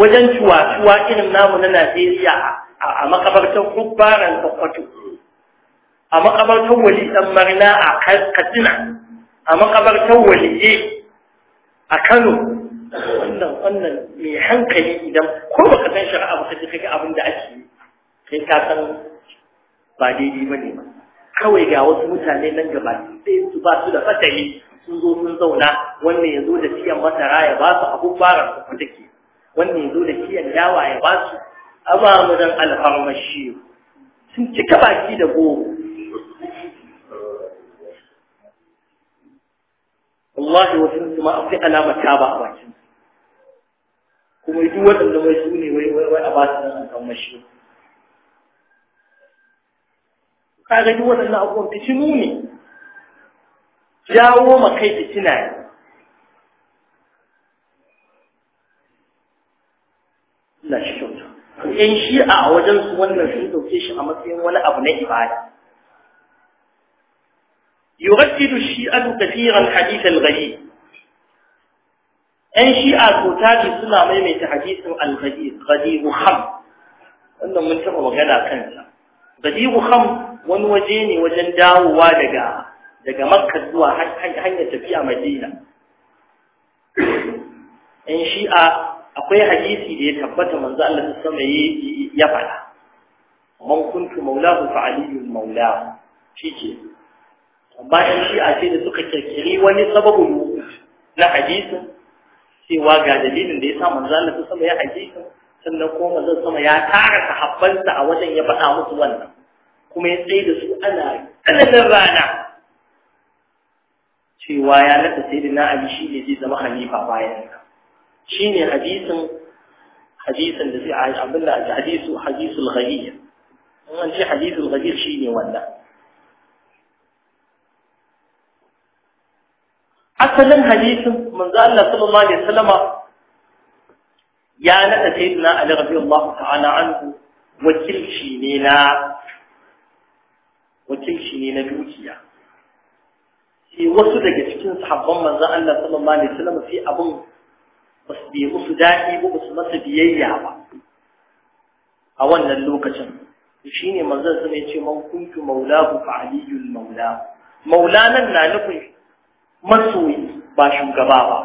wajen cuwa-cuwa irin namu na Najeriya a makabartar kubbaran kwakwato a makabartar wali dan marina a Katsina a makabartar waliye a Kano wannan wannan mai hankali idan ko baka san shari'a ba kaje kake abin da ake yi kai ka san ba daidai bane ba kawai ga wasu mutane nan gaba sai su ba su da fatayi sun zo sun zauna wanda ya zo da kiyan masara ya ba su abun fara su take wanda ya zo da kiyan dawa ya ba su amma amamuran alfarmashi sun cika baki da goro wallahi wasu su ma akwai ta ba a bakin kuma duk wanda mai su ne wai a ba su mashi kaga duk waɗannan abubuwan fitinu ne jawo ma kai fitina ne na shi kyauta yan shi'a a wajen su wannan sun dauke shi a matsayin wani abu na ibada يردد الشيعة كثيرا حديث الغدير ‘Yan shi'a ko tari suna maimaita hadisin al-gadiru ham, wannan mun taɓa magana kansa. Gadiru ham wani waje ne wajen dawowa daga daga makka zuwa hanyar tafiya madina in shi'a akwai hadisi da ya tabbata manzo Allah ta sama ya faɗa man kuntu maulahu fa aliyun maulahu shike amma in shi'a ce da suka kirkiri wani sababu na hadisi cewa ga dalilin da ya sa manzo Allah ta sama ya hadisi sannan ko manzo sama ya tara sahabbansa a wajen ya faɗa musu wannan kuma ya tsaye da su ana tsananin rana cewa ya nada sai da na'ali shi ne zai zama halifa bayan ka shi ne hadisin hadisin da zai abin da ake hadisu hadisul ghaliyya in an ce hadisul ghaliyya shi ne wannan asalin hadisin manzo Allah sallallahu alaihi wasallama ya nada sayyidina Ali radiyallahu ta'ala anhu wakilci ne na shi ne na dukiya sai wasu daga cikin sahabban manzan Allah sallallahu alaihi wasallam sai abun ba bi musu daɗi ba ba masa biyayya ba a wannan lokacin shi ne manzon sai ya ce man kuntu maulahu fa aliyul maula Maulana na nufin masoyi ba shugaba ba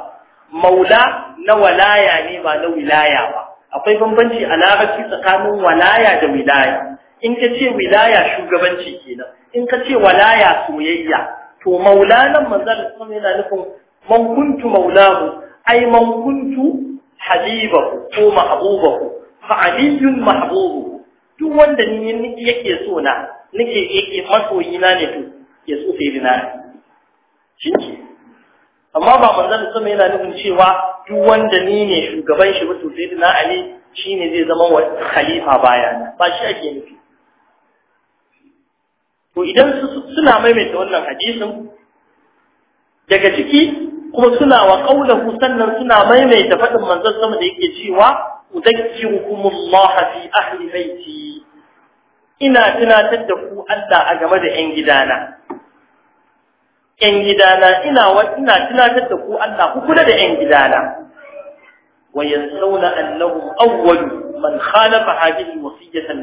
maula na walaya ne ba na wilaya ba akwai bambanci a tsakanin walaya da wilaya in ka ce wilaya shugabanci kenan in ka ce walaya soyayya to maulanan manzal sun yana nufin man kuntu maulahu ai man kuntu habibahu ko mahbubahu fa aliyun mahbubu duk wanda ni yake so na nake yake masoyina ne to ya so sai dina shi amma ba manzal sun yana nufin cewa duk wanda ni ne shugaban shi ba to sai dina ali shine zai zama khalifa baya ba shi ake nufi to idan suna maimaita wannan hadisin daga ciki kuma suna wa ƙaunahu sannan suna maimaita faɗin manzon sama da yake cewa udakkirukumullah fi ahli baiti ina tunatar da ku Allah a game da 'yan gidana ƴan gidana ina wa ina tunatar da ku Allah ku kula da ƴan gidana wa yansawna annahu awwalu man khalafa hadhihi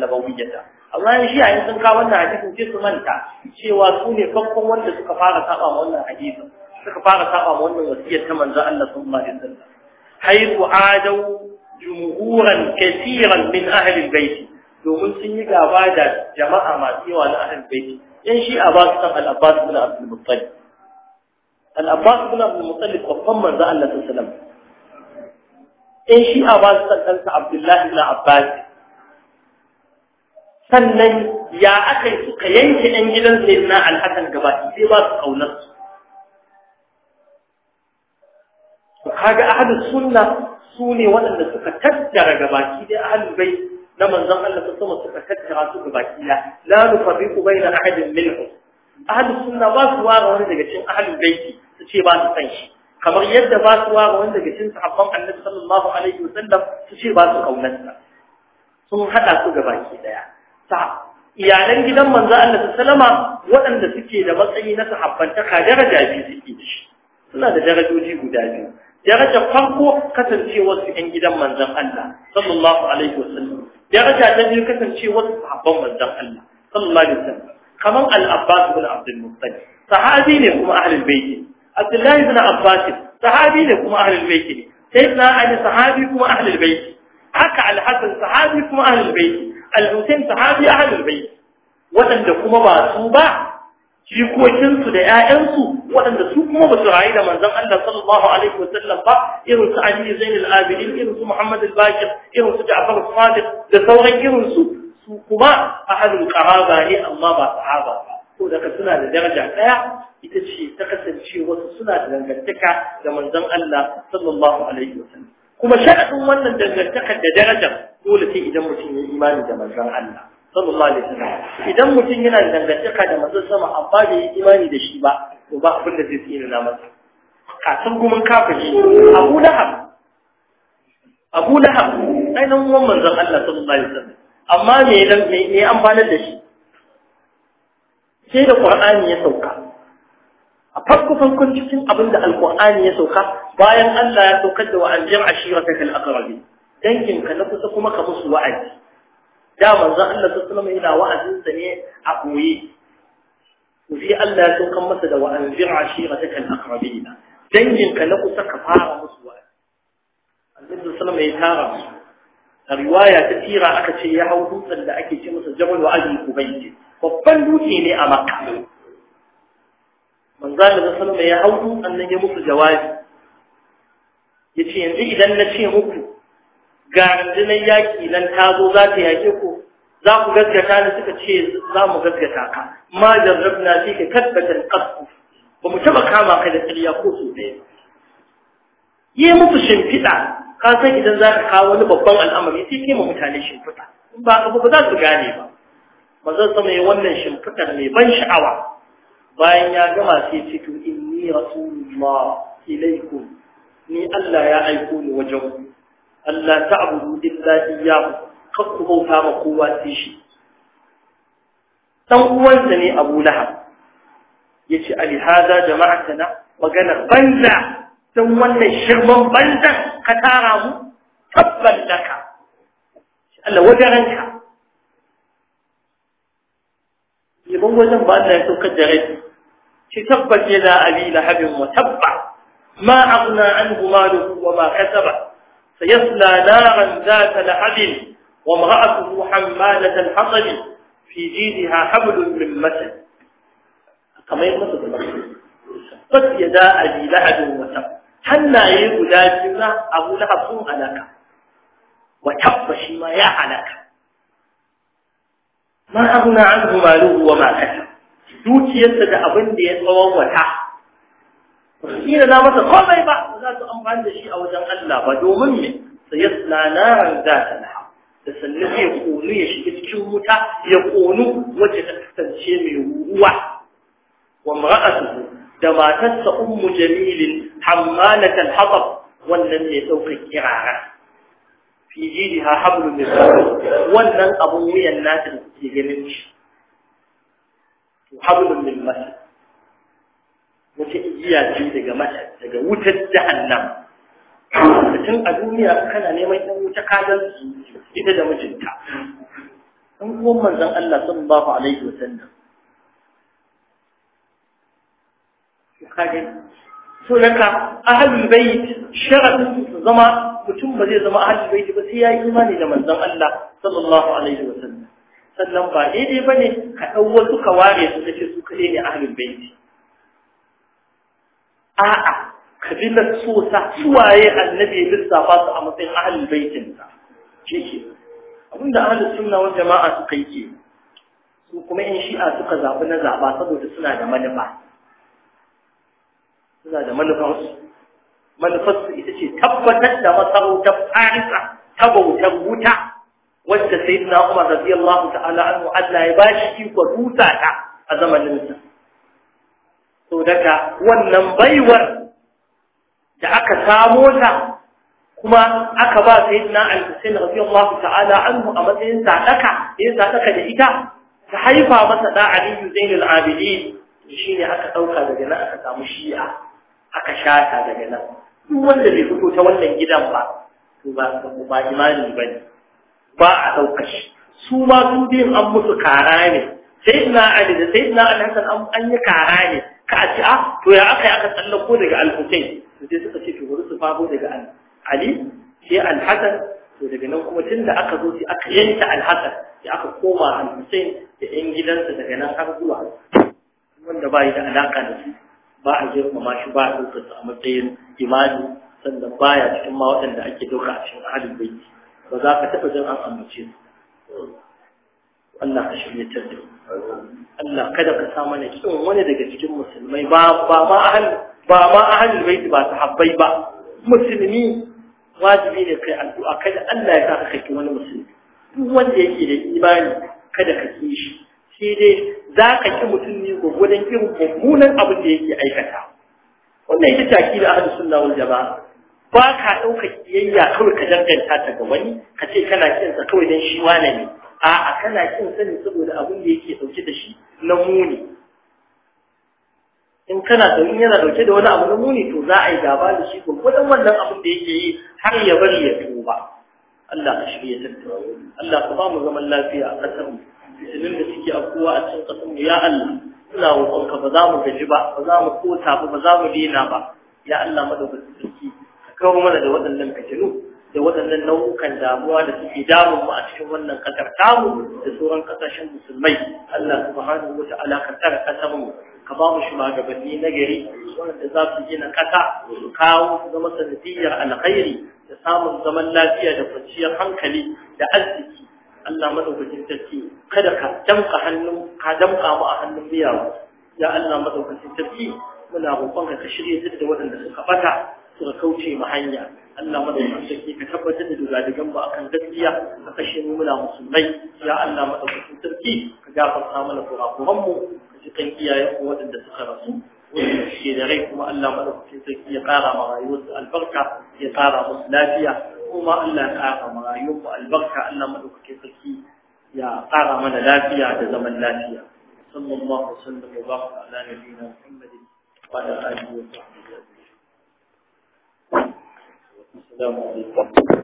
nabawiyyata amma yan shi a yayin sun kawo wannan hadisin sai su manta cewa su ne farkon wanda suka fara saba wannan hadisin suka fara saba wannan wasiyar ta manzo Allah sallallahu alaihi wasallam haythu adaw jumhuran kaseeran min ahli albayt domin sun yi gaba da jama'a masu yawa na ahli albayt yan shi a ba su san al-Abbas ibn Abdul Muttalib al-Abbas ibn Abdul Muttalib babban manzo Allah sallallahu alaihi wasallam yan shi a ba su san ɗansa Abdullahi ibn Abbas sannan ya aka yi suka yanke ɗan gidan sai na alhassan gabaki sai ba su ƙaunar su kaga ahlus sunna su ne waɗanda suka tattara gabaki dai ahlul bai na manzon Allah ta sama suka tattara su gabaki la la nufarriqu baina ahadin minhum ahlus sunna ba su ware wani daga cikin ahlul bai su ce ba su san shi kamar yadda ba su ware wani daga cikin sahabban Annabi sallallahu alaihi wasallam su ce ba su ƙaunar sa sun haɗa su gabaki daya sa iyalan gidan manzo Allah sallama waɗanda suke da matsayi na sahabbantaka daraja biyu suke da shi suna da darajoji guda biyu daraja farko kasancewar su ƴan gidan manzon Allah sallallahu alaihi wasallam daraja ta biyu kasancewar su sahabban manzon Allah sallallahu alaihi wasallam kaman al-Abbas ibn Abdul Muttalib sahabi ne kuma ahlul bait Abdullah ibn Abbas sahabi ne kuma ahlul bait sayyidina Ali sahabi kuma ahlul bait haka al-Hasan sahabi kuma ahlul bait al sahabi ahlul bayt Waɗanda kuma ba su ba jikokinsu da ƴaƴansu waɗanda su kuma ba su rayu da manzan Allah sallallahu alaihi wasallam ba irin su Ali Zain abidin irin su Muhammad al-Baqir irin su Ja'far da sauran irin su su kuma ahadul qaraba ne amma ba sahaba ba to daga suna da daraja ɗaya ita ce ta kasance wasu suna da dangantaka da manzan Allah sallallahu alaihi wasallam kuma sha'adin wannan dangantakar da darajar dole sai idan mutum ya imani da manzon Allah sallallahu alaihi wasallam idan mutum yana da dangantaka da manzon sama amma bai yi imani da shi ba to ba abin da zai tsira na masa kasan gumin kafiri Abu Lahab Abu Lahab sai nan uwan manzon Allah sallallahu alaihi wasallam amma me dan me me amfanar da shi sai da Qur'ani ya sauka a farko farkon cikin abin da Al-Qur'ani ya sauka bayan Allah ya saukar da wa'anjir ashiratakal aqrabin dangin ka na kusa kuma ka musu wa'azi da manzon Allah sallallahu alaihi wasallam wa'azin sa ne a koyi Ku fi Allah ya saukan masa da wa'anzir ashiratak al-aqrabina dangin ka na kusa ka fara musu wa'azi annabi sallallahu alaihi wasallam ya tara musu a riwaya ta tira aka ce ya hau dutsen da ake ce masa jabal wa abi kubayyi babban dutse ne a makka manzo Allah sallallahu ya hau dutsen nan ya musu jawabi yace yanzu idan na ce muku ga rundunar yaƙi nan ta zo za ta yaƙe ku za ku gaskata ni suka ce za mu gaskata ka ma jarrabna fi ka kasbatan qasfu ba mu taba kama ka da ƙarya ko su ne yi musu shimfiɗa ka san idan za ka kawo wani babban al'amari sai ke ma mutane shimfiɗa in ba ka ba za su gane ba zan san ya wannan shimfiɗar mai ban sha'awa bayan ya gama sai ce inni rasulullah ilaikum ni Allah ya aiko ni wajen ku Allah ta'budu illa iyyahu kar ku bauta ma kowa sai shi Ɗan uwansa ne Abu Lahab yace ali hada jama'atana maganar banza dan wannan shirman banzan ka tara mu tabban laka Allah wajaranka yabon wajen ba Allah ya saukar da rai ci tabbace da abi lahabin wa tabba ma aghna an maluhu wa ma kasaba سيصلى نارا ذات لهب وامرأته حمالة الحطب في جيدها حبل من مسد كما يمسد المسد قد يدا أبي لهب وتب hannaye guda biyu na abu na sun halaka wa tabba shi ma ya halaka ma aghna anhu maluhu wa ma kasab da abin da ya tsawon wata kila na masa komai ba ba za su amfani da shi a wajen Allah ba domin me sai ya tsana za ta na da sannan ya konu ya shiga cikin wuta ya konu wacce ta kasance mai ruwa wa mar'atu da matarsa ummu jamilin hammalatal hatab wannan mai ɗaukar kirara fi jiriha hablum min wannan abun wuyan nata da ke ganin shi hablum min masad wace iyaci daga mata daga wutar jahannam tun a duniya kana neman ɗan wuta su ita da mijinta an kuma manzan Allah sun ba sallallahu alaihi wasallam kage so naka ahlul bait sharadin zama mutum ba zai zama ahlul bait ba sai ya yi imani da manzan Allah sallallahu alaihi wasallam sannan ba daidai bane ka dau wasu ka ware su ce su kade ne ahlul bait a'a kabilar sosa suwaye annabi ya lissafa su a matsayin ahalin sa shi ke abinda ahalin sunna wani jama'a su kai ke su kuma yan shi'a suka zaɓi na zaɓa saboda suna da manufa suna da su ita ce tabbatar da masarautar farisa ta bautar wuta wanda sai na umar radiyallahu ta'ala anhu Allah ya bashi iko dusa ta a sa so daga wannan baiwar da aka samo ta kuma aka ba sayyidina al-Husayn radiyallahu ta'ala anhu a matsayin sadaka ya sadaka da ita ta haifa masa da Aliyu Zainul Abidin ne aka ɗauka daga nan aka samu shi'a aka shata daga nan duk wanda bai fito ta wannan gidan ba to ba su ba imani ne. ba a ɗauka shi su ma sun bin an musu kara ne sayyidina Ali da sayyidina Al-Hasan an yi kara ne ka a ci a ah, to ya aka yi aka tsallako daga al-husayn sai suka ce to bari su faho daga ali sai al to daga nan kuma tun da aka zo sai aka yanke al sai aka koma al-husayn da yan gidansa daga nan har zuwa wanda ba yi da alaka da su ba a ma shi ba a ɗaukar a matsayin imani sannan baya cikin ma waɗanda ake ɗauka a cikin ahalin bai ba za ka taɓa jin an ambace su Allah ka shirye da Allah kada ka sa mana kin wani daga cikin musulmai ba ma ahal ba ma ahal bait ba sahabbai ba musulmi wajibi ne kai addu'a kada Allah ya saka kai wani musulmi duk wanda yake da imani kada ka ki shi shi dai za ka ki mutum ne gwagwadon irin mummunan abin da yake aikata wannan ita ce akida ahlus sunna wal jamaa ba ka ɗauka kiyayya kawai ka danganta ta ga wani ka ce kana kinsa kawai don shi wane ne a'a kana kin sani saboda abin da yake dauke da shi na muni in kana da in yana dauke da wani abu na muni to za a yi gaba da shi gurgurdan wannan abin da yake yi har ya bari ya tuba Allah ka shirye ta Allah ka ba mu zaman lafiya a kasar mu idan da suke afkuwa a cikin kasar mu ya Allah ina roƙonka ba za mu gaji ba ba za mu kota ba ba za mu dena ba ya Allah madaukakin sarki ka kawo mana da waɗannan fitilu da waɗannan nau'ukan damuwa da suke damun mu a cikin wannan ƙasar tamu da sauran ƙasashen musulmai Allah subhanahu wa ta'ala ka tsara ƙasar mu ka ba mu shugabanni na gari wanda za su gina ƙasa su kawo zama sanadiyyar alkhairi da samun zaman lafiya da kwanciyar hankali da arziki Allah madaukakin sarki kada ka damƙa ka damƙa mu a hannun miyawu ya Allah madaukakin sarki muna roƙon ka shirye duk da waɗanda suka bata suka kauce mu hanya Allah madaukakin sarki ka tabbatar da dogadigan ba akan gaskiya ka kashe mu muna musulmai ya Allah madaukakin sarki ka gafarta mana kurakuran mu ka ji kan iyaye ku waɗanda suka rasu wanda suke da rai kuma Allah madaukakin sarki ya ƙara ma rayuwarsu albarka ya ƙara musu lafiya kuma Allah ya ƙara ma rayuwarku albarka Allah madaukakin sarki ya ƙara mana lafiya da zaman lafiya sallallahu alaihi wa sallam wa baraka ala nabiyyina Muhammadin wa ala alihi wa sahbihi السلام عليكم